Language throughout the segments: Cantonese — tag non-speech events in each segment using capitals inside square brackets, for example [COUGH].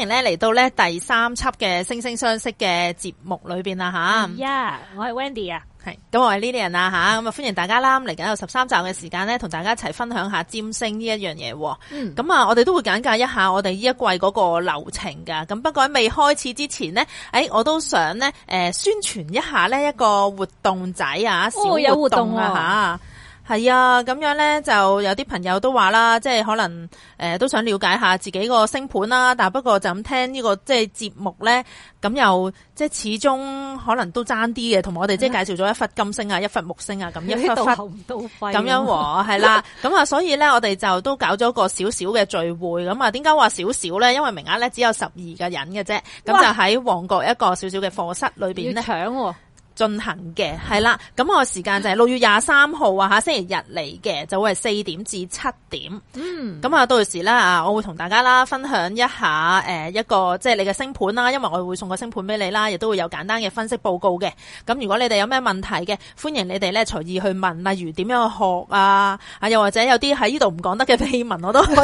歡迎咧嚟到咧第三輯嘅星聲相析嘅節目裏邊啦吓，我係 Wendy 啊，係，咁我係 Lilian 啊吓，咁啊歡迎大家啦，嚟緊有十三集嘅時間咧，同大家一齊分享一下占星呢一樣嘢，咁、嗯、啊，我哋都會簡介一下我哋呢一季嗰個流程噶，咁不過喺未開始之前呢，誒，我都想咧誒宣傳一下呢一個活動仔啊、哦，有活動啊吓。係啊，咁樣咧就有啲朋友都話啦，即係可能誒都想了解下自己個星盤啦，但係不過就咁聽呢個即係節目咧，咁又即係始終可能都爭啲嘅，同埋我哋即係介紹咗一忽金星啊，一忽木星啊，咁一忽忽咁樣喎，係啦，咁啊所以咧我哋就都搞咗個少少嘅聚會，咁啊點解話少少咧？因為名額咧只有十二個人嘅啫，咁就喺旺角一個少少嘅課室裏邊咧。進行嘅係啦，咁我時間就係六月廿三號啊吓，星期日嚟嘅，就會係四點至七點。嗯，咁啊到時啦啊，我會同大家啦分享一下誒、呃、一個即係你嘅星盤啦，因為我會送個星盤俾你啦，亦都會有簡單嘅分析報告嘅。咁如果你哋有咩問題嘅，歡迎你哋咧隨意去問，例如點樣學啊啊，又或者有啲喺呢度唔講得嘅秘聞，我都可以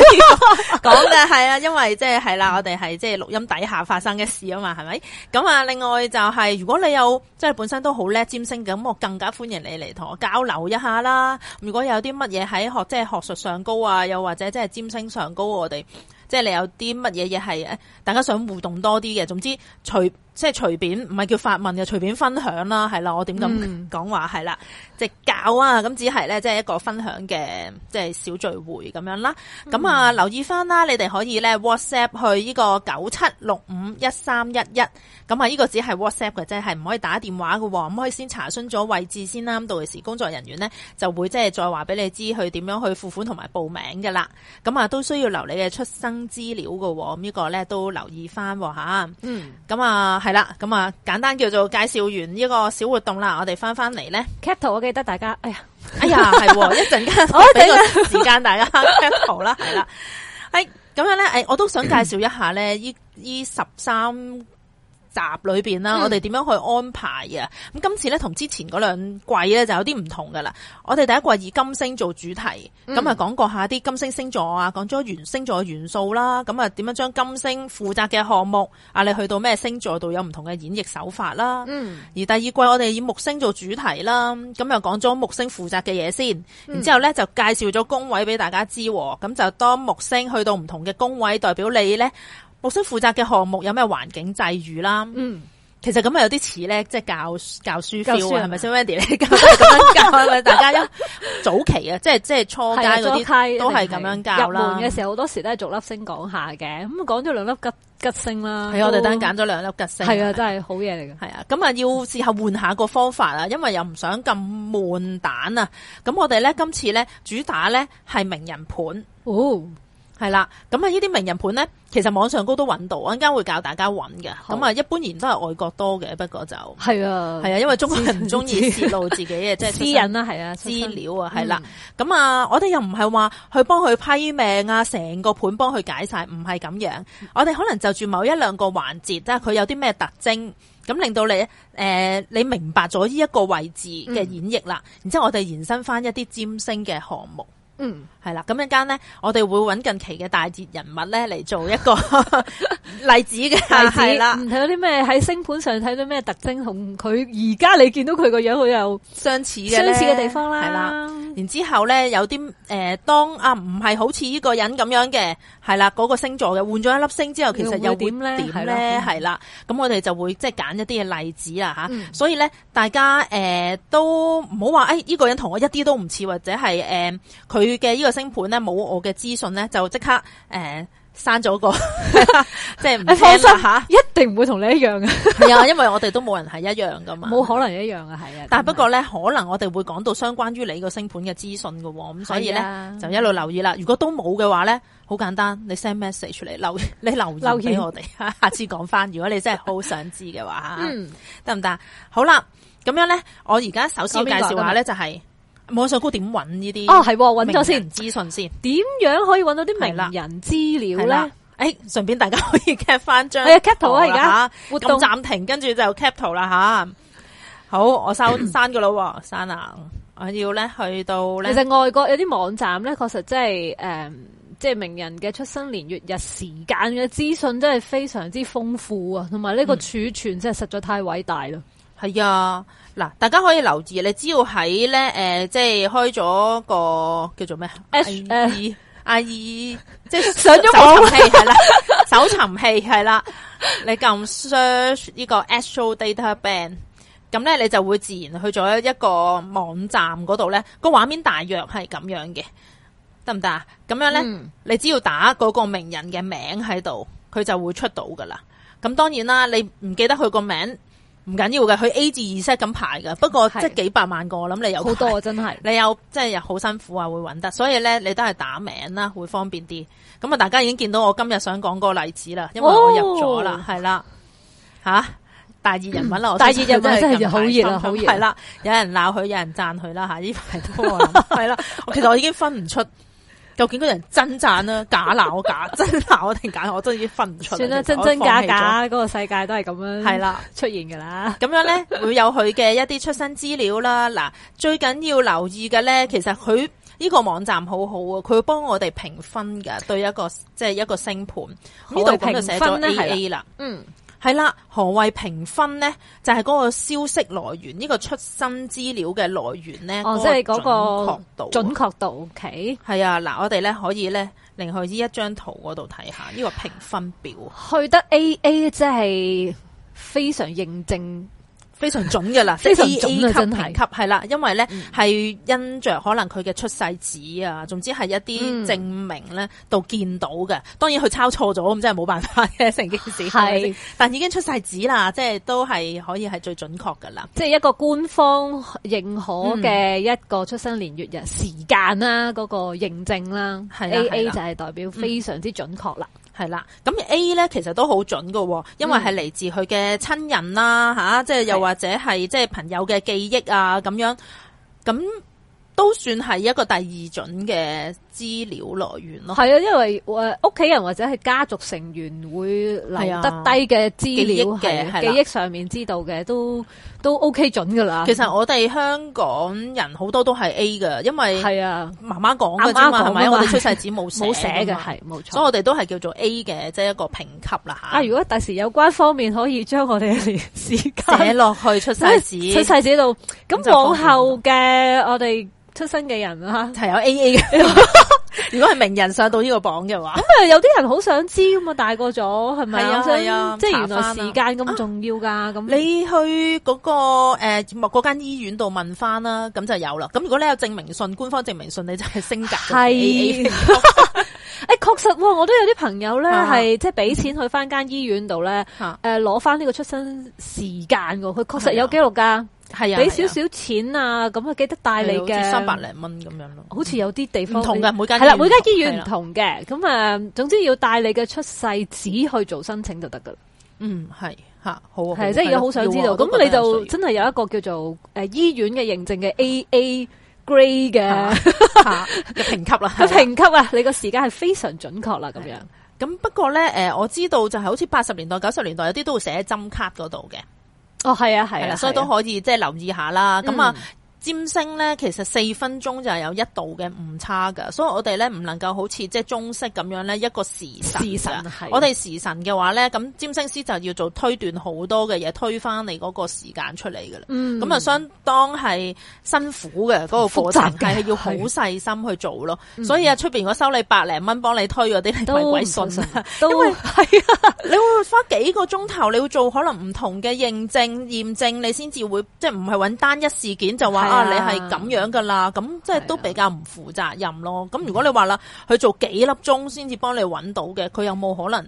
講嘅，係 [LAUGHS] 啊，因為即係係啦，我哋係即係錄音底下發生嘅事啊嘛，係咪？咁啊，另外就係、是、如果你有即係本身。都好叻占星咁，占星我更加歡迎你嚟同我交流一下啦。如果有啲乜嘢喺學，即係學術上高啊，又或者即係占星上高，我哋即係你有啲乜嘢嘢係誒，大家想互動多啲嘅。總之，隨。即係隨便，唔係叫發問就隨便分享啦，係啦，我點咁講話係啦，即係教啊，咁只係咧，即係一個分享嘅，即係小聚會咁樣啦。咁、嗯、啊，留意翻啦，你哋可以咧 WhatsApp 去呢個九七六五一三一一，咁啊，呢個只係 WhatsApp 嘅，即係唔可以打電話㗎喎。咁可以先查詢咗位置先啦，到時工作人員咧就會即係再話俾你知，去點樣去付款同埋報名㗎啦。咁啊，都需要留你嘅出生資料㗎喎。咁、這、呢個咧都留意翻嚇。嗯。咁啊～係啦，咁啊，簡單叫做介紹完呢個小活動啦，我哋翻翻嚟咧，cap 圖我記得大家，哎呀，哎呀，係， [LAUGHS] 一陣間我俾個時間大家 cap 圖啦，係啦，係咁樣咧，誒，我都想介紹一下咧，依依十三。 [COUGHS] 集裏邊啦，我哋點樣去安排啊？咁、嗯、今次咧同之前嗰兩季咧就有啲唔同噶啦。我哋第一季以金星做主題，咁啊講過下啲金星星座啊，講咗原星座嘅元素啦，咁啊點樣將金星負責嘅項目啊，你去到咩星座度有唔同嘅演繹手法啦。嗯，而第二季我哋以木星做主題啦，咁又講咗木星負責嘅嘢先，然之後咧就介紹咗宮位俾大家知，咁就當木星去到唔同嘅宮位，代表你咧。我識負責嘅項目有咩環境際遇啦？嗯，其實咁啊有啲似咧，即係教教書係係咪咁樣教 [LAUGHS] 大家一早期啊，即係即係初階嗰啲都係咁樣教啦。入門嘅時候好多時都係逐粒星講下嘅，咁講咗兩粒吉吉星啦。係、哦、我哋單揀咗兩粒吉星，係、哦、啊，真係好嘢嚟嘅。係啊，咁啊，啊要試下換下換下個方法啊，因為又唔想咁悶蛋啊。咁我哋咧今次咧主打咧係名人盤係啦，咁啊呢啲名人盤咧，其實網上高都揾到，一陣間會教大家揾嘅。咁啊，一般而言都係外國多嘅，不過就係啊，係啊，因為中國人唔中意泄露自己嘅、啊，即係私隱啦，係啊，資料啊，係啦。咁、嗯、啊，我哋又唔係話去幫佢批命啊，成個盤幫佢解晒，唔係咁樣。嗯、我哋可能就住某一兩個環節，即係佢有啲咩特徵，咁令到你誒、呃，你明白咗呢一個位置嘅演繹啦。然之後我哋延伸翻一啲占星嘅項目，嗯。係啦，咁一間咧，我哋會揾近期嘅大熱人物咧嚟做一個 [LAUGHS] 例子嘅例子啦。睇到啲咩？喺星盤上睇到咩特徵？同佢而家你見到佢個樣，佢又相似嘅，相似嘅地方啦。係啦，然之後咧有啲誒、呃，當啊唔係好似呢個人咁樣嘅，係啦嗰個星座嘅，換咗一粒星之後，其實又有點咧？係啦，咁我哋就會即係揀一啲嘅例子啦吓、嗯。所以咧，大家誒、呃、都唔好話誒呢個人同我一啲都唔似，或者係誒佢嘅呢個。星盤咧冇我嘅資訊咧，就刻、呃、刪 [LAUGHS] 即刻誒刪咗個，即係唔聽，放心。吓，一定唔會同你一樣嘅。係啊，因為我哋都冇人係一樣噶嘛，冇可能一樣噶係啊。但係不過咧，可能我哋會講到相關於你個星盤嘅資訊噶，咁、嗯、所以咧、啊、就一路留意啦。如果都冇嘅話咧，好簡單，你 send message 出嚟留意你留言俾我哋， [LAUGHS] 下次講翻。如果你真係好想知嘅話， [LAUGHS] 嗯，得唔得？好啦，咁樣咧，我而家首先介紹下咧、啊、就係、是。網上高點搵呢啲哦，係搵咗先資訊先，點樣可以搵到啲名人資料咧？誒，順、欸、便大家可以 cap 翻張，係啊 cap 圖啊，而家活動暫停，跟住就 cap 圖啦吓。好，我收刪噶啦，刪啊！ [COUGHS] 我要咧去到呢，其實外國有啲網站咧，確實真係誒，即、嗯、係、就是、名人嘅出生年月日時間嘅資訊，真係非常之豐富啊，同埋呢個儲存真係實在太偉大啦。係啊，嗱，大家可以留意，你只要喺咧誒，即係開咗個叫做咩 -E, 啊？阿、啊、二，阿二，即係上咗搜尋器係啦，搜尋器係啦，你撳 search 呢個 Astro Data Bank，咁咧你就會自然去咗一個網站嗰度咧，個畫面大約係咁樣嘅，得唔得啊？咁樣咧，嗯、你只要打嗰個名人嘅名喺度，佢就會出到噶啦。咁當然啦，你唔記得佢個名。唔緊要嘅，佢 A 至 Z set 咁排嘅，不過即係幾百萬個，我諗你有好多真係，你有即係好辛苦啊，會揾得，所以咧你都係打名啦，會方便啲。咁啊，大家已經見到我今日想講個例子啦，因為我入咗啦，係、哦、啦，吓大熱人物啦，大熱人物好熱啦，好係啦，有人鬧佢，有人讚佢啦，吓呢排都係啦， [LAUGHS] 對了 [LAUGHS] 其實我已經分唔出。究竟嗰人真讚啦，假鬧假 [LAUGHS] 真鬧，定聽假，我都已經分唔出。 [LAUGHS] 算啦，真真假假，嗰、嗰個世界都係咁樣。係啦，出現噶啦。咁 [LAUGHS] 樣咧會有佢嘅一啲出生資料啦。嗱，最緊要留意嘅咧，其實佢呢個網站很好好啊，佢會幫我哋評分噶，對一個即係、即係、一個星盤。這這評呢度評分咧係啦。嗯。係啦，何謂評分呢？就係、是、嗰個消息來源，呢、這個出生資料嘅來源呢，哦，即係嗰個準確度，哦、準確度。OK，係啊，嗱，我哋咧可以咧，另去呢一張圖嗰度睇下呢個評分表，去得 AA，即係非常認證。非常準嘅啦， [LAUGHS] 非常準啊！真係係啦，因為咧係、嗯、因着可能佢嘅出世紙啊，總之係一啲證明咧、嗯、到見到嘅。當然佢抄錯咗咁，真係冇辦法嘅。成件事係，但已經出世紙啦，即係都係可以係最準確嘅啦。即、就、係、是、一個官方認可嘅一個出生年月日時間啦、啊，嗰、嗯那個認證啦，A A 就係代表非常之準確啦。係啦，咁 A 咧其實都好準喎，因為係嚟自佢嘅親人啦，吓、嗯啊，即係又或者係即係朋友嘅記憶啊，咁樣，咁都算係一個第二準嘅。資料來源咯，係啊，因為誒屋企人或者係家族成員會嚟得低嘅資料嘅、啊記，啊、記憶上面知道嘅都都 OK 準噶啦。其實我哋香港人好多都係 A 噶，因為係啊媽媽講嘅啫嘛，同埋我哋出世紙冇冇寫嘅，係冇錯，所以我哋都係叫做 A 嘅，即係一個評級啦吓。啊，如果第時有關方面可以將我哋嘅時間寫落去出世紙出世紙度，咁往後嘅我哋。我出生嘅人啦，係有 A A 嘅。 [LAUGHS] 如果係名人上到呢個榜嘅話，咁 [LAUGHS] 啊有啲人好想知咁啊，大個咗係咪啊？即係原來時間咁重要噶。咁、啊、你去嗰、嗰個誒莫嗰間醫院度問翻啦，咁就有啦。咁如果你有證明信，官方證明信，你就係升格。係誒、啊，確、 [LAUGHS] [LAUGHS] 欸、實我都有啲朋友咧，係即係俾錢去翻間醫院度咧，誒攞翻呢個出生時間嘅，佢確實有記錄噶。係啊，俾少少錢啊，咁啊記得帶你嘅，啊、三百零蚊咁樣咯、嗯。好似有啲地方唔同嘅，每間係啦，每間醫院唔同嘅。咁啊，啊，啊，總之要帶你嘅出世紙、啊、去做申請就得噶啦。嗯，係吓、啊，好啊，係即係，而家好、啊啊、想知道。咁、啊、你就真係有一個叫做誒、呃、醫院嘅認證嘅 A A Grade 嘅嘅評級啦，評、 [LAUGHS] 啊、級啊！係啊，你個時間係非常準確啦、啊，咁、啊、樣。咁、啊、不過咧，誒、呃，我知道就係好似八十年代、九十年代有啲都會寫喺針卡嗰度嘅。哦，係啊，係啊，啊，啊，所以都可以即係留意下啦，咁、嗯、啊。占星咧，其實四分鐘就係有一度嘅誤差噶，所以我哋咧唔能夠好似即係中式咁樣咧一個時辰。時辰我哋時辰嘅話咧，咁占星師就要做推斷好多嘅嘢，推翻你嗰個時間出嚟噶啦。咁、嗯、啊相當係辛苦嘅，嗰、那個複雜，係要好細心去做咯。所以啊，出邊如果收你百零蚊幫你推嗰啲，都鬼信啊！因為係啊， [LAUGHS] 你會花幾個鐘頭，你會做可能唔同嘅認證驗 [LAUGHS] 證你，你先至會即係唔係揾單一事件就話。啊，你係咁樣噶啦，咁即係都比較唔負責任咯。咁如果你話啦，佢做幾粒鐘先至幫你揾到嘅，佢有冇可能？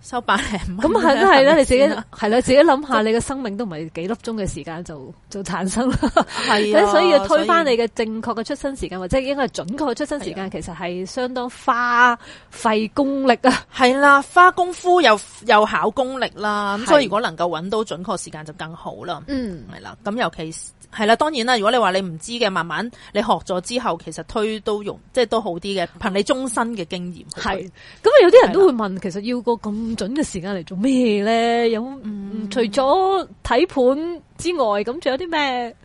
收百零蚊，咁肯定係咧。你自己係啦，自己諗下，你嘅生命都唔係幾粒鐘嘅時間就就產生啦。係、啊，所以要推翻你嘅正確嘅出生時間，或者應該係準確嘅出生時間、啊，其實係相當花費功力啊。係啦，花功夫又又考功力啦。咁、啊、所以如果能夠揾到準確時間就更好啦。嗯，係啦、啊。咁尤其係啦、啊，當然啦。如果你話你唔知嘅，慢慢你學咗之後，其實推都用，即係都好啲嘅。憑你終身嘅經驗係。咁啊，啊那有啲人都會問，啊、其實要個咁。咁準嘅時間嚟做咩咧？有、嗯、除咗睇盤之外，咁仲有啲咩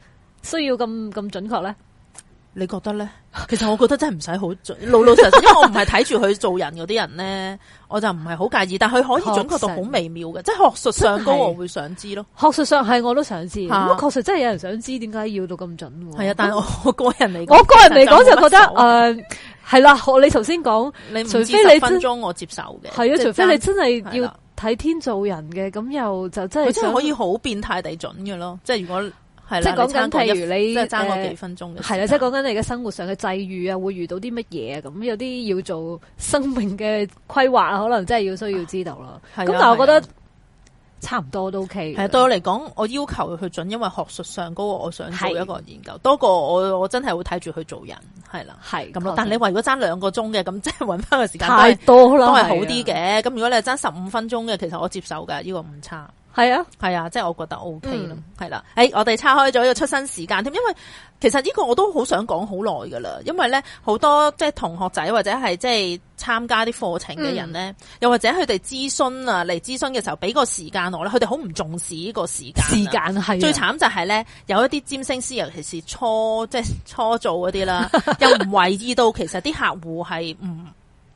需要咁咁準確咧？你覺得咧？其實我覺得真係唔使好準， [LAUGHS] 老老實實，因為我唔係睇住佢做人嗰啲人咧， [LAUGHS] 我就唔係好介意。但佢可以準確到好微妙嘅，即係學術上高，我會想知咯。學術上係我都想知，咁確、啊、實真係有人想知為什麼麼，點解要到咁準？係啊，但係我個人嚟，我個人嚟講 [LAUGHS] 就,就覺得誒。呃係啦，你頭先講，你除非十分鐘我接受嘅。係啊，除非你真係要睇天做人嘅，咁又就真係佢真係可以好變態地準嘅咯，即係如果係啦，即係講緊譬如你，即係爭我幾分鐘，係、呃、啦，即係講緊你嘅生活上嘅際遇啊，會遇到啲乜嘢啊，咁有啲要做生命嘅規劃啊，可能真係要需要知道咯。咁但係我覺得。差唔多都 OK，係對，對我嚟講，我要求佢去準，因為學術上嗰個我想做一個研究，多過我我真係會睇住佢做人，係啦，係咁咯。但你話如果爭兩個鐘嘅，咁即係搵翻個時間，太多啦，都係好啲嘅。咁如果你係爭十五分鐘嘅，其實我接受嘅呢，呢個唔差。係啊，係啊，即係我覺得 O K 咯，係、嗯、啦，誒、啊，我哋叉開咗個出生時間添，因為其實呢個我都好想講好耐噶啦，因為咧好多即係同學仔或者係即係參加啲課程嘅人咧、嗯，又或者佢哋諮詢啊嚟諮詢嘅時候，俾個時間我咧，佢哋好唔重視呢個時間，時間係、啊、最慘就係、是、咧，有一啲占星師，尤其是初即係初做嗰啲啦， [LAUGHS] 又唔為意到其實啲客戶係唔。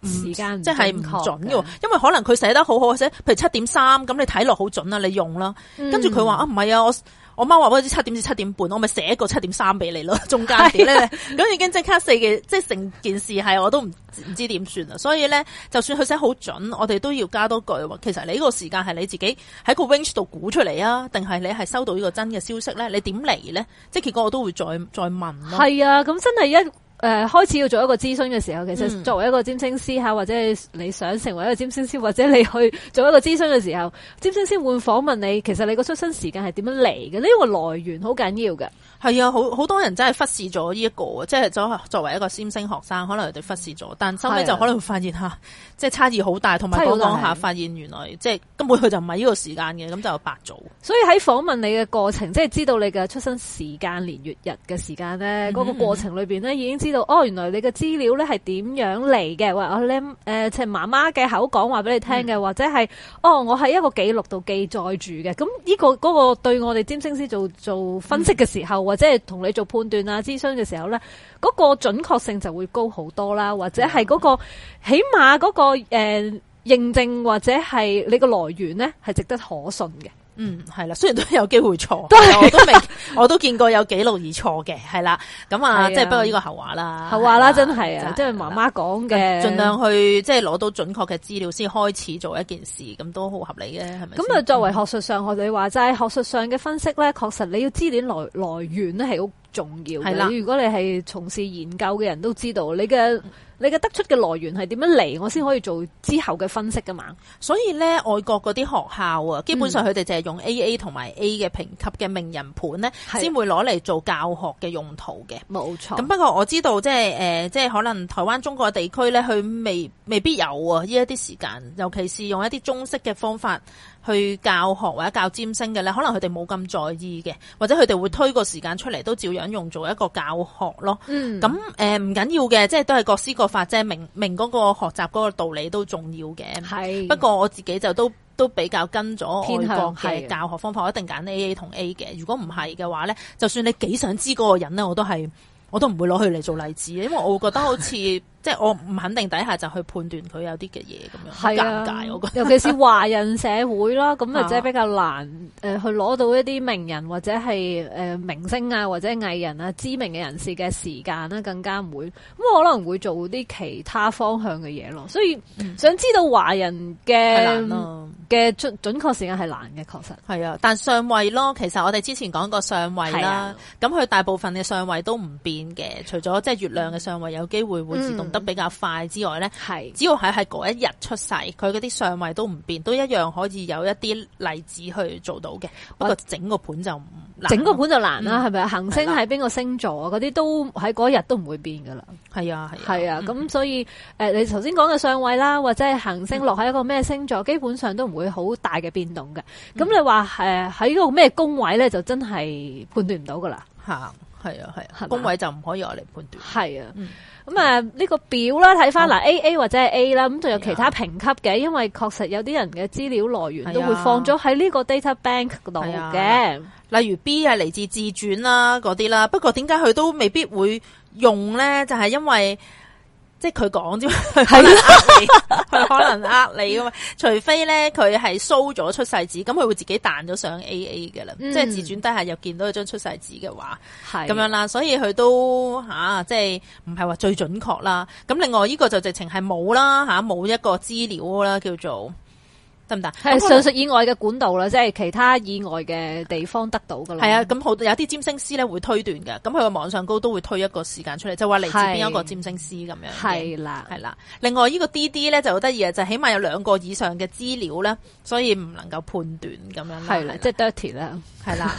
時間即係唔準嘅，因為可能佢寫得好好，寫譬如七點三咁，你睇落好準啊，你用啦。跟住佢話啊，唔係啊，我我媽話我知七點至七點半，我咪寫一個七點三俾你咯，中間啲咧。咁、啊、已經即刻四嘅，即係成件事係我都唔唔知點算啦。所以咧，就算佢寫好準，我哋都要加多句。其實你呢個時間係你自己喺個 range 度估出嚟啊，定係你係收到呢個真嘅消息咧？你點嚟咧？即係結果我都會再再問咯。係啊，咁真係一。誒、呃，開始要做一個諮詢嘅時候，其實作為一個占星師吓、嗯，或者你想成為一個占星師，或者你去做一個諮詢嘅時候，占星師會訪問你，其實你個出生時間係點樣嚟嘅？呢、這個來源好緊要嘅。係啊，好好多人真係忽視咗呢一個，即係作作為一個占星學生，可能佢哋忽視咗，但後尾就可能發現吓，即係、啊就是、差異好大，同埋講講下，發現原來即係根本佢就唔係呢個時間嘅，咁就白做。所以喺訪問你嘅過程，即係知道你嘅出生時間、年月日嘅時間咧，嗰、那個過程裏邊呢、嗯、已經。知道哦，原來你嘅資料咧係點樣嚟嘅，或我咧媽媽、媽媽嘅口講話俾你聽嘅，或者係、呃嗯、哦，我喺一個紀錄、記錄度記載住嘅。咁呢、呢個、嗰個對我哋占星師做做分析嘅時候，嗯、或者係同你做判斷啊、諮詢嘅時候呢，嗰、嗰個準確性就會高好多啦。或者係嗰、嗰個、嗯、起碼嗰、嗰個誒、呃、認證或者係你個來源呢，係值得可信嘅。嗯，係啦，雖然都有機會錯，都係我都未， [LAUGHS] 我都見過有記錄而錯嘅，係啦，咁啊，即係不過呢個後話啦，後話啦，是的真係啊，即係媽媽講嘅，盡、就是、量去即係攞到準確嘅資料先開始做一件事，咁都好合理嘅，係咪？咁啊，作為學術上，學、嗯、你話齋，學術上嘅分析咧，確實你要知點來來源咧係好重要嘅，如果你係從事研究嘅人都知道，你嘅你嘅得出嘅來源係點樣嚟，我先可以做之後嘅分析噶嘛。所以呢，外國嗰啲學校啊、嗯，基本上佢哋就係用 AA 和 A A 同埋 A 嘅評級嘅名人盤呢，先會攞嚟做教學嘅用途嘅。冇錯。咁不過我知道，即係誒，即係可能台灣中國嘅地區呢，佢未未必有啊呢一啲時間，尤其是用一啲中式嘅方法。去教學或者教占星嘅咧，可能佢哋冇咁在意嘅，或者佢哋會推個時間出嚟，都照樣用做一個教學咯。嗯，咁誒唔緊要嘅，即係都係各施各法啫。明明嗰個學習嗰個道理都重要嘅，係。不過我自己就都都比較跟咗偏向係教學方法，我一定揀 A A 同 A 嘅。如果唔係嘅話咧，就算你幾想知嗰個人咧，我都係我都唔會攞佢嚟做例子，因為我會覺得好似。 [LAUGHS] 即係我唔肯定底下就去判斷佢有啲嘅嘢咁樣尷尬，我覺得。尤其是華人社會啦，咁咪即係比較難誒、啊呃、去攞到一啲名人或者係誒、呃、明星啊或者藝人啊知名嘅人士嘅時間啦，更加唔會咁可能會做啲其他方向嘅嘢咯。所以想知道華人嘅係難咯嘅準準確時間係難嘅，確實係啊。但上位咯，其實我哋之前講過上位啦，咁佢、啊、大部分嘅上位都唔變嘅，除咗即係月亮嘅上位有機會會自動、嗯。比較快之外咧，係只要係喺嗰一日出世，佢嗰啲相位都唔變，都一樣可以有一啲例子去做到嘅。不過整個盤就唔難，整個盤就難啦，係咪啊？行星喺邊個星座啊？嗰啲都喺嗰一日都唔會變噶啦。係啊，係啊，咁、嗯、所以誒，你頭先講嘅相位啦，或者係行星落喺一個咩星座、嗯，基本上都唔會好大嘅變動嘅。咁、嗯、你話誒喺個咩宮位咧，就真係判斷唔到噶啦。吓，係啊，係啊，宮、啊啊、位就唔可以我嚟判斷。係啊。嗯咁啊，呢個表啦，睇翻嗱、哦，AA 或者係 A 啦，咁仲有其他評級嘅，因為確實有啲人嘅資料來源都會放咗喺呢個 data bank 度嘅、啊啊，例如 B 係嚟自自傳啦嗰啲啦，不過點解佢都未必會用咧？就係、是、因為。即係佢講啫嘛，佢可能呃你，佢 [LAUGHS] 可能呃你噶嘛。 [LAUGHS] 除非咧佢係 show 咗出世紙，咁佢會自己彈咗上 A A 㗎啦，即係自轉低下又見到張出世紙嘅話，係咁樣啦。所以佢都吓，即係唔係話最準確啦。咁另外呢個就直情係冇啦吓，冇、啊、一個資料啦，叫做。得唔得？係上述以外嘅管道啦，即、就、係、是、其他以外嘅地方得到嘅啦。係啊，咁好有啲占星師咧會推斷嘅，咁佢個網上高都會推一個時間出嚟，就話嚟自邊一個占星師咁樣。係啦，係啦。另外這個 DD 呢個 D D 咧就好得意啊，就、就是、起碼有兩個以上嘅資料咧，所以唔能夠判斷咁樣。係啦，即係 dirty 啦，係啦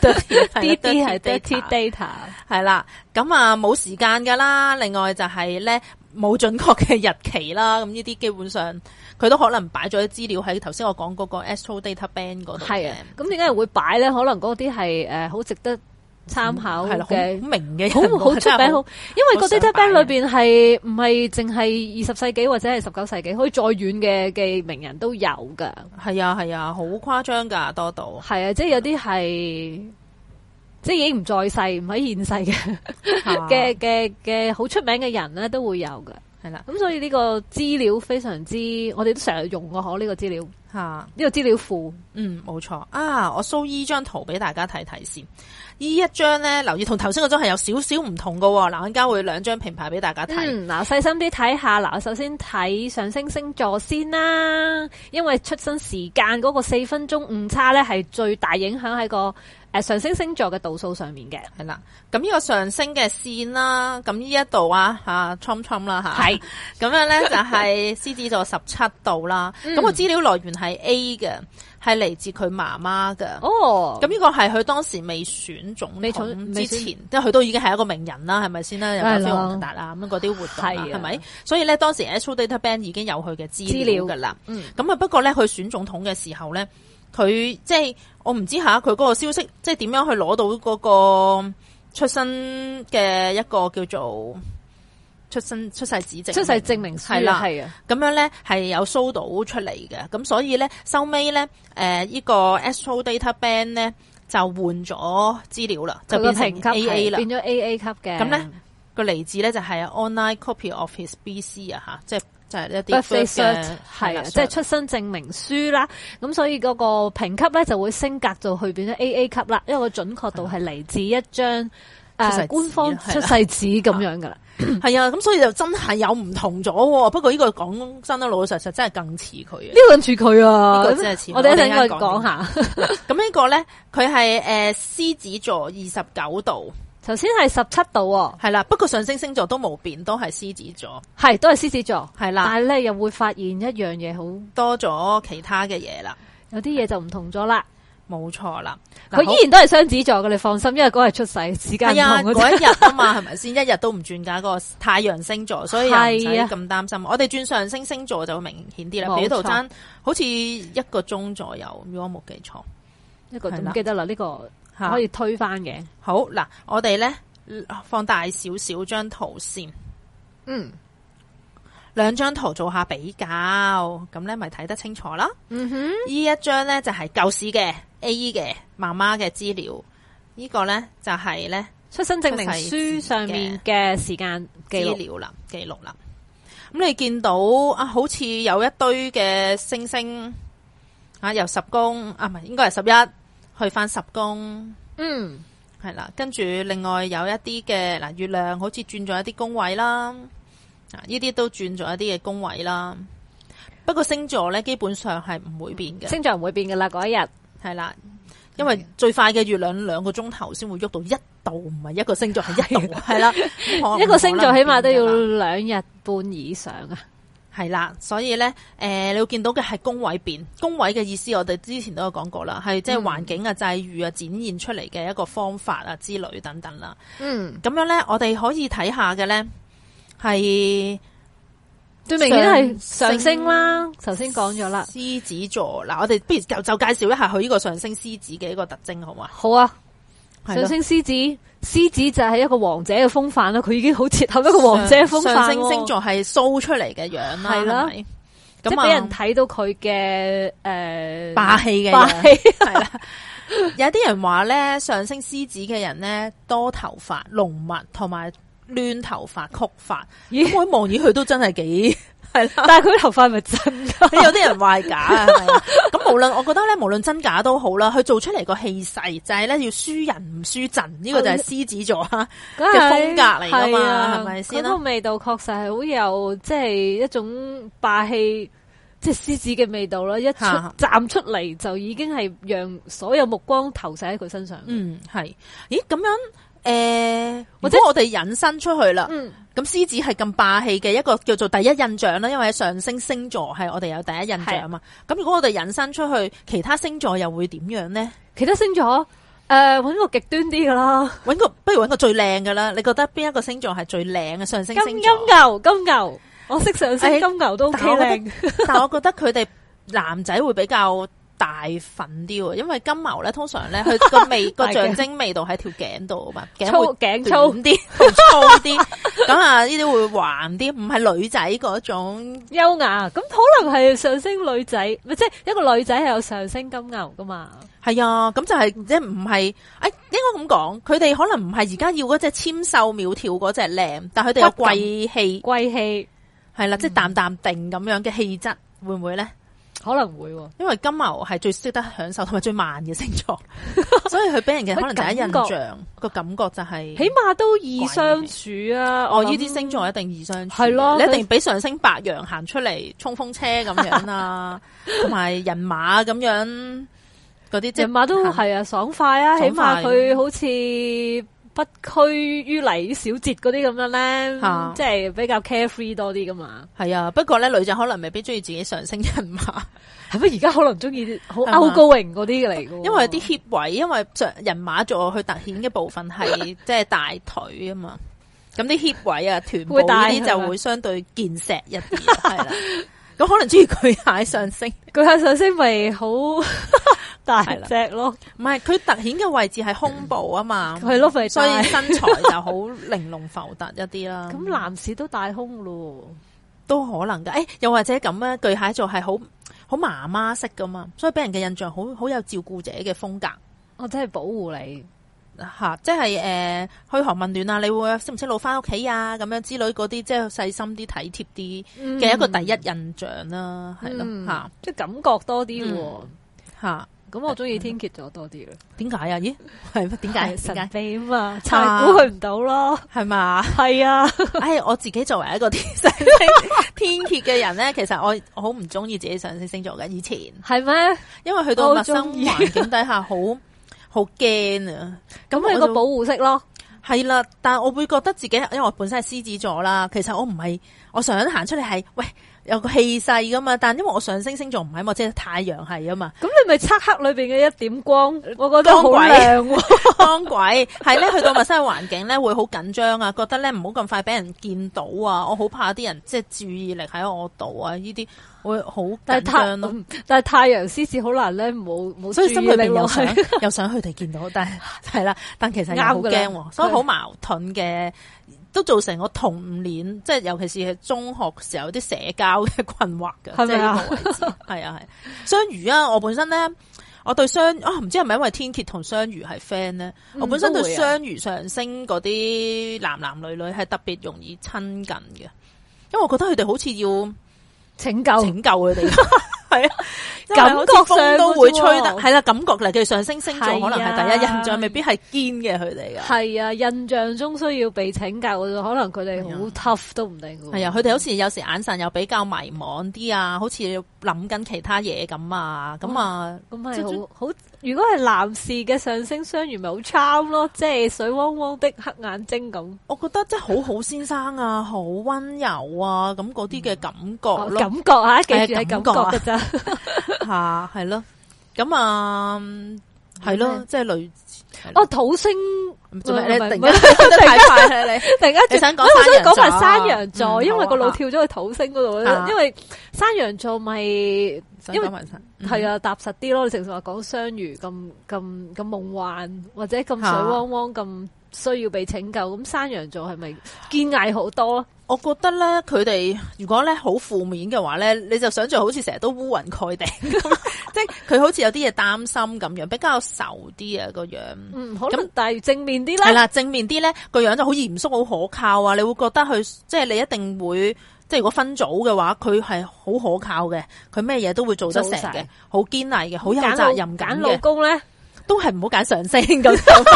d i D D dirty data。係啦，咁啊冇時間㗎啦。另外就係咧。冇準確嘅日期啦，咁呢啲基本上佢都可能擺咗啲資料喺頭先我講嗰個 Astro Data Bank 嗰度嘅。咁點解會擺咧？可能嗰啲係好值得參考嘅，好、嗯、明嘅，好好出名，好，因為個 Data Bank 裏邊係唔係淨係二十世紀或者係十九世紀，可以再遠嘅嘅名人都有㗎。係啊，係啊，好誇張㗎，多到。係啊，即係有啲係。即係已經唔在世，唔喺現世嘅嘅嘅嘅好出名嘅人咧，都會有嘅，係啦。咁所以呢個資料非常之，我哋都成日用過。嗬，呢個資料。啊！呢、這個資料庫，嗯，冇錯。啊，我 show 呢張圖俾大家睇睇先。這一張呢一張咧，留意剛才有一點點不同頭先嗰張係有少少唔同噶。嗱，我而家會兩張平排俾大家睇。嗱、嗯，細心啲睇下。嗱，首先睇上升星座先啦，因為出生時間嗰個四分鐘誤差咧係最大影響喺個誒上升星座嘅度數上面嘅。係啦，咁呢個上升嘅線啦，咁呢一度啊，吓、啊，Trump Trump 啦吓，係。咁、啊、樣咧就係獅子座十七度啦。咁個資料來源係。係 A 嘅，係嚟自佢媽媽嘅。哦，咁呢個係佢當時未選總統之前，即係佢都已經係一個名人啦，係咪先啦？有搭飛鴻達啦，咁嗰啲活動啦，係咪？所以咧，當時 Astro-Databank 已經有佢嘅資料噶啦。嗯，咁啊，不過咧，佢選總統嘅時候咧，佢即係我唔知下佢嗰個消息，即係點樣去攞到嗰個出生嘅一個叫做。出生出世紙證，出世證明書，係啦，係啊，咁樣咧係有 show 到出嚟嘅，咁所以咧收尾咧，呢依個 Astro Data Band 咧就換咗資料啦，就變成 A A 啦，變咗 A A 級嘅。咁咧個嚟自咧就係、是、Online Copy Office B C 啊，嚇、就是啊，即係即係一啲，係即係出生證明書啦。咁、啊、所以嗰個評級咧就會升格做去變咗 A A 級啦，因為個準確度係嚟自一張誒、啊呃、官方出世紙咁樣噶啦、啊。啊。係 [COUGHS] 啊，咁所以就真係有唔同咗。不過呢個講真得老老實實，真係更似佢。啊。呢個似佢啊，呢個真係似。我哋一齊講下，說一下 [LAUGHS] 這個。咁呢個咧，佢係誒獅子座二十九度，頭先係十七度，哦，係啦。不過上升星，星座都冇變，都係獅子座，係都係獅子座，係啦。但係咧又會發現一樣嘢，好多咗其他嘅嘢啦，有啲嘢就唔同咗啦。冇錯啦，佢依然都係雙子座嘅，你放心，因為嗰日出世時間嗰、啊、一日啊嘛，係咪先？一日都唔轉噶，嗰、嗰個太陽星座，所以唔使咁擔心。啊、我哋轉上升星，星座就會明顯啲啦。俾啲圖真好似一個鐘左右，如果冇記錯，一個鐘記得啦？呢、呢個可以推翻嘅。好嗱，我哋咧放大少少張圖先，嗯，兩張圖做一下比較，咁咧咪睇得清楚啦。嗯、哼，呢一張呢一張咧就係、係、舊市嘅。A E 嘅媽媽嘅資料，呢、這個呢，就係呢，出生證明書上面嘅時間記錄啦，記錄啦。咁、嗯、你見到啊，好似有一堆嘅星星啊，由十宮，啊唔係應該係十一去翻十宮，嗯，係啦。跟住另外有一啲嘅嗱，月亮好似轉咗一啲宮位啦，啊，呢啲都轉咗一啲嘅宮位啦。不過星座呢，基本上係唔會變嘅，星座唔會變嘅啦，嗰一日。係啦，因為最快嘅月亮兩個鐘頭先會喐到一度，唔係一個星座係一度，係啦， [LAUGHS] 一個星座起碼都要兩日半以上啊。係啦，所以咧，誒、呃，你會見到嘅係宮位變，宮位嘅意思，我哋之前都有講過啦，係即係環境啊、際遇啊、展現出嚟嘅一個方法啊之類等等啦。嗯，咁樣咧，我哋可以睇下嘅咧係。最明顯係上，上升啦，頭先講咗啦。獅子座嗱，我哋不如就介紹一下佢呢個上升獅子嘅一個特徵，好嘛？好啊，上升獅子，獅子就係一個王者嘅風範啦，佢已經好切合一個王者嘅風範啊。上升星座係 show 出嚟嘅樣啦，係啦，即係俾人睇到佢嘅誒霸氣嘅。霸氣，係啦。有啲人話咧，上升獅子嘅人咧多頭髮濃密，同埋。亂頭髮、曲、欸、發，咦？我望住佢都真係幾係，但係佢頭髮係咪真㗎？ [LAUGHS] 有啲人話係假，咁 [LAUGHS] 無論我覺得咧，無論真假都好啦。佢做出嚟個氣勢就係咧，要輸人唔輸陣，呢、這個就係獅子座嘅風係風格嚟噶嘛，係咪先？個味道確實係好有，即、就、係、是、一種霸氣，即係獅子嘅味道咯。一出、啊、站出嚟就已經係讓所有目光投射喺佢身上。嗯，係，咦，咁樣。誒、呃，如果我哋引申出去啦，咁獅子係咁霸氣嘅一個叫做第一印象啦，因為係上升星座係我哋有第一印象啊嘛。咁如果我哋引申出去，其他星座又會點樣呢？其他星座，誒、呃，找個極端一點的揾個極端啲噶啦，揾個不如揾個最靚噶啦。你覺得邊一個星座係最靚嘅上升星座？金，金牛，金牛，我識上升金牛都 OK，但我覺得佢哋 [LAUGHS] 男仔會比較。大份啲喎，因為金牛咧，通常咧佢個味個象徵味道喺條頸度啊嘛，頸會頸粗啲，粗啲，咁啊呢啲會橫啲，唔係女仔嗰種優雅，咁可能係上升女仔，即係一個女仔係有上升金牛噶嘛，係啊，咁就係、是、即係唔係，誒、哎、應該咁講，佢哋可能唔係而家要嗰隻纖瘦苗條嗰隻靚，但佢哋有貴氣貴氣，係啦、啊嗯，即係淡淡定咁樣嘅氣質，會唔會咧？可能會、啊，因為金牛係最識得享受同埋最慢嘅星座， [LAUGHS] 所以佢俾人嘅可能第一印象 [LAUGHS] 感、個感覺就係，起碼都易相處啊！哦，呢啲星座一定易相處，你一定俾上升白羊行出嚟衝鋒車咁樣啊，同 [LAUGHS] 埋人馬咁樣嗰啲， [LAUGHS] 人馬都係啊爽快啊，起碼佢好似。.不拘於禮小節嗰啲咁樣咧、啊，即係比較 carefree 多啲噶嘛。係啊，不過咧，女仔可能未必中意自己上升人馬，係咪而家可能中意好高型嗰啲嚟噶。因為啲 hip 位，因為着人馬座去凸顯嘅部分係即係大腿啊嘛。咁啲 hip 位啊，臀部呢啲就會相對健碩一啲係啦。咁可能中意巨蟹上升， [LAUGHS] 巨蟹上升咪好大隻隻咯？ [LAUGHS] 唔係，佢凸顯嘅位置係胸部啊嘛，係、嗯、咯，大 [LAUGHS] 所以身材就好玲瓏浮凸一啲啦。咁 [LAUGHS] 男士都大胸咯，都可能噶。誒、哎，又或者咁咧，巨蟹座係好好媽媽式噶嘛，所以俾人嘅印象好好有照顧者嘅風格，我真係保護你。吓、啊，即係誒噓寒問暖啊！你會識唔識路翻屋企啊？咁樣之類嗰啲，即係細心啲、體貼啲嘅一個第一印象啦，係咯吓，即係感覺多啲，吓、嗯、咁、啊、我中意天蠍座多啲喇。點解啊，啊？咦，係乜？點解神秘啊嘛？猜估佢唔到咯，係嘛？係啊，猜猜啊 [LAUGHS] 哎，我自己作為一個天蠍， [LAUGHS] 天蠍嘅人咧，其實我好唔中意自己上升星座嘅。以前係咩？因為去到陌生環境底下好。好驚啊！咁、嗯、佢個保護色咯，係啦，但係我會覺得自己，因為我本身係獅子座啦，其實我唔係，我想行出嚟係喂。有個氣勢噶嘛，但因為我上星星仲唔喺嘛，即係太陽係啊嘛，咁你咪漆黑裏邊嘅一點光，光我覺得好靚。光鬼係咧，去到陌生嘅環境咧，會好緊張啊， [LAUGHS] 覺得咧唔好咁快俾人見到啊，我好怕啲人即係注意力喺我度啊，呢啲會好緊張咯。但係太，太陽獅子好難咧，冇冇注意力所以心裡面又想 [LAUGHS] 又想佢哋見到，但係係啦，但其實好驚喎，所以好矛盾嘅。都造成我童年，即係尤其是係中學時候啲社交嘅困惑嘅，係 [LAUGHS] 啊，係啊，係、啊。雙魚啊，我本身咧，我對雙啊，唔知係咪因為天蠍同雙魚係 friend 咧，我本身對雙魚上升嗰啲男男女女係特別容易親近嘅、嗯啊，因為我覺得佢哋好似要拯救拯救佢哋。 [LAUGHS] 係啊，感覺上都會吹得係啦。感覺嚟。叫做上升星座可能係第一係、啊、印象，未必係堅嘅佢哋噶。係啊，印象中需要被拯救嘅，可能佢哋好 tough 都唔定的。係啊，佢哋、啊、好似有時眼神又比較迷茫啲啊，好似要諗緊其他嘢咁啊，咁啊，咁係好好。就是如果係男士嘅上升雙魚咪好 charm 咯，即係水汪汪的黑眼睛咁，我覺得真係好好先生啊，好溫柔啊，咁嗰啲嘅感覺咯，感覺啊，記住係感覺噶咋吓，係咯，咁啊係咯，即係女。哦，土星，你突然間講得太快啦！你突然間，我想講埋山羊座，因為個腦跳咗去土星嗰度咧。因為山羊座咪，係啊，踏實啲咯。你成日話講雙魚咁咁咁夢幻，或者咁水汪汪咁。需要被拯救咁，那山羊座係咪堅毅好多？我覺得咧，佢哋如果咧好負面嘅話咧，你就想像好似成日都烏雲蓋頂，即係佢好似有啲嘢擔心咁樣，比較愁啲啊個樣。咁、嗯、但係正面啲咧？係啦，正面啲咧個樣就好嚴肅、好可靠啊！你會覺得佢即係你一定會，即係如果分組嘅話，佢係好可靠嘅，佢咩嘢都會做得成嘅，好堅毅嘅，好有責任感嘅。都係唔好揀上升咁多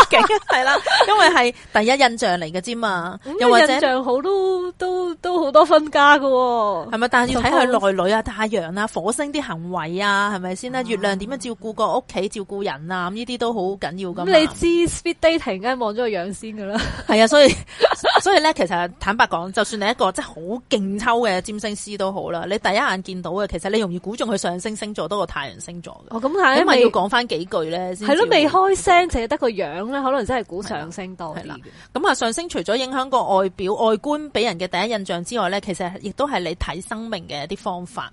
係啦，因為係第一印象嚟嘅啫嘛。咁、嗯、印象好都都都好多分家㗎喎、哦，係咪？但係要睇下內裏啊，太陽啊，火星啲行為啊，係咪先咧？月亮點樣照顧個屋企、照顧人啊？咁呢啲都好緊要咁、嗯。你知 Speed dating 梗係望咗個樣先㗎啦。係啊，所以 [LAUGHS] 所以咧，其實坦白講，就算你一個即係好勁抽嘅占星師都好啦，你第一眼見到嘅，其實你容易估中佢上升星，星座多過太陽星座嘅。咁、哦、係，因為要講翻幾句咧先。都未開聲，淨係得個樣咧，可能真係估上升多啲。咁啊，上升除咗影響個外表外觀，俾人嘅第一印象之外咧，其實亦都係你睇生命嘅一啲方法。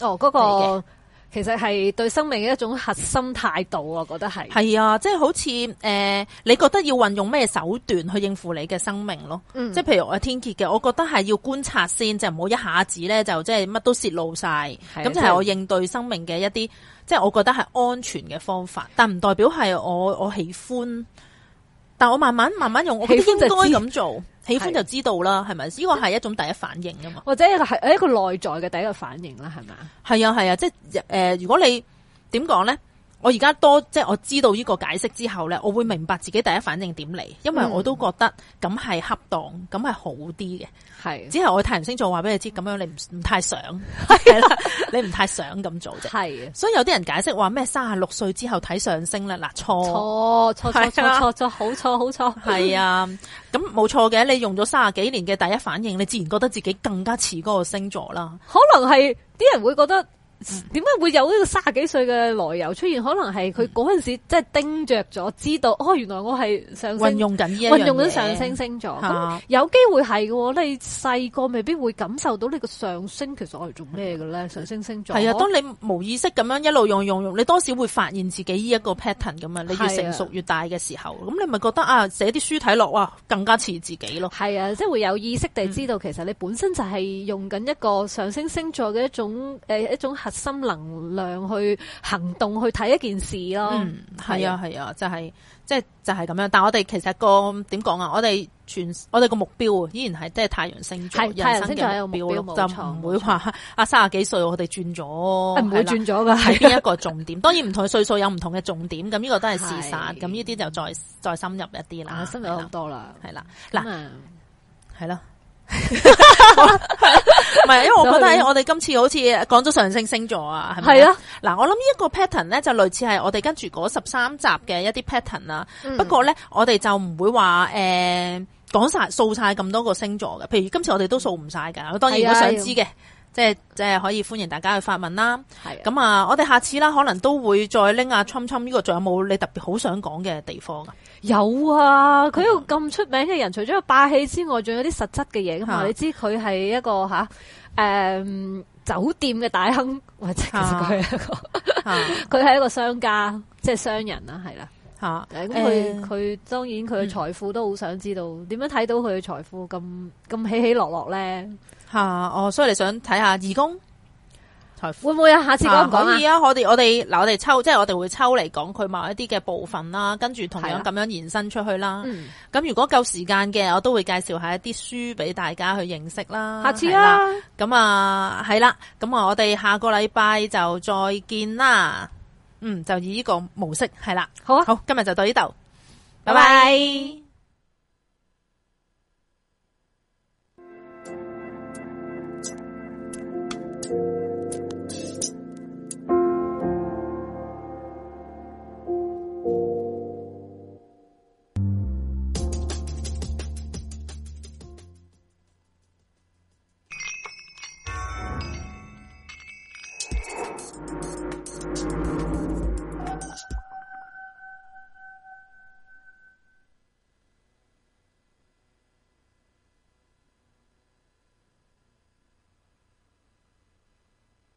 哦，嗰個。其實係對生命嘅一種核心態度，我覺得係係啊，即係好似誒、呃，你覺得要運用咩手段去應付你嘅生命咯？嗯、即係譬如我天蠍嘅，我覺得係要觀察先，就唔好一下子咧就即係乜都泄露晒，咁、啊、就係我應對生命嘅一啲，即係我覺得係安全嘅方法，但唔代表係我我喜歡，但我慢慢慢慢用，我覺得應該咁做。喜歡就知道啦，係咪、啊？呢個係一種第一反應啊嘛，或者係一個內在嘅第一個反應啦，係咪啊？係啊係啊，即係誒、呃，如果你點講咧？我而家多即係我知道呢個解釋之後咧，我會明白自己第一反應點嚟，因為我都覺得咁係恰當，咁係好啲嘅。係、嗯，只係我太陽星座，話俾你知咁樣你唔唔太想係啦， [LAUGHS] 是的 [LAUGHS] 你唔太想咁做啫。係，所以有啲人解釋話咩三十六歲之後睇上升啦，嗱，錯錯錯錯錯錯，好錯好錯。係 [LAUGHS] 啊，咁冇錯嘅，你用咗三十幾年嘅第一反應，你自然覺得自己更加似嗰個星座啦。可能係啲人會覺得。點解會有呢個卅幾歲嘅來由出現？可能係佢嗰陣時即係盯著咗，知道哦，原來我係上升運用緊嘢。運用緊上升星座，有機會係嘅。你細個未必會感受到你個上升，其實我係做咩嘅咧？上升星座係啊，當你冇意識咁樣一路用用用，你多少會發現自己呢一個 pattern 咁啊。你越成熟越大嘅時候，咁你咪覺得啊，寫啲書睇落啊，更加似自己咯。係啊，即係會有意識地知道，其實你本身就係用緊一個上升星座嘅一種誒、嗯呃、一種心能量去行動，去睇一件事咯，啊，嗯，係啊，係啊，就係即係就係、是、咁樣。但我哋其實，那個點講啊，我哋全我哋個目標依然係即係太陽星座，人生的太陽星座目標就唔會話啊三十幾歲我哋轉咗，唔會轉咗噶。係邊、啊、一個重點？ [LAUGHS] 當然唔同嘅歲數有唔同嘅重點。咁呢個都係事實。咁呢啲就再再深入一啲啦，啊。深入好多啦，係啦、啊，嗱，係咯、啊。唔 [LAUGHS] 係，因為我覺得我哋今次好似講咗上升星座啊，係咪？係啦，嗱，我諗呢一個 pattern 咧就類似係我哋跟住嗰十三集嘅一啲 pattern 啦。不過咧，我哋就唔會話誒講晒數晒咁多個星座嘅。譬如今次我哋都數唔晒噶，當然我想知嘅。即係即係可以歡迎大家去發問啦。係咁啊，啊，我哋下次啦，可能都會再拎阿 Trump Trump 呢個，仲有冇你特別好想講嘅地方啊？有啊，佢一個咁出名嘅人，除咗有霸氣之外，仲有啲實質嘅嘢。同埋、啊、你知佢係一個嚇、啊嗯、酒店嘅大亨，或者佢係一個佢係、啊 [LAUGHS] 啊、一個商家，即係商人啦，係啦、啊。嚇咁佢佢當然佢嘅財富都好想知道點、嗯、樣睇到佢嘅財富咁咁起起落落咧。吓、啊、哦，所以你想睇下義工，會唔會啊？下次講唔講啊？可以啊，啊我哋我哋嗱我哋抽，即、就、係、是、我哋會抽嚟講佢某一啲嘅部分啦，嗯、跟住同樣咁樣延伸出去啦。咁、嗯、如果夠時間嘅，我都會介紹下一啲書俾大家去認識啦。下次、啊、啦，咁啊係啦，咁啊我哋下個禮拜就再見啦。嗯，就以呢個模式係啦，好啊，好，今日就到呢度，拜拜。拜拜。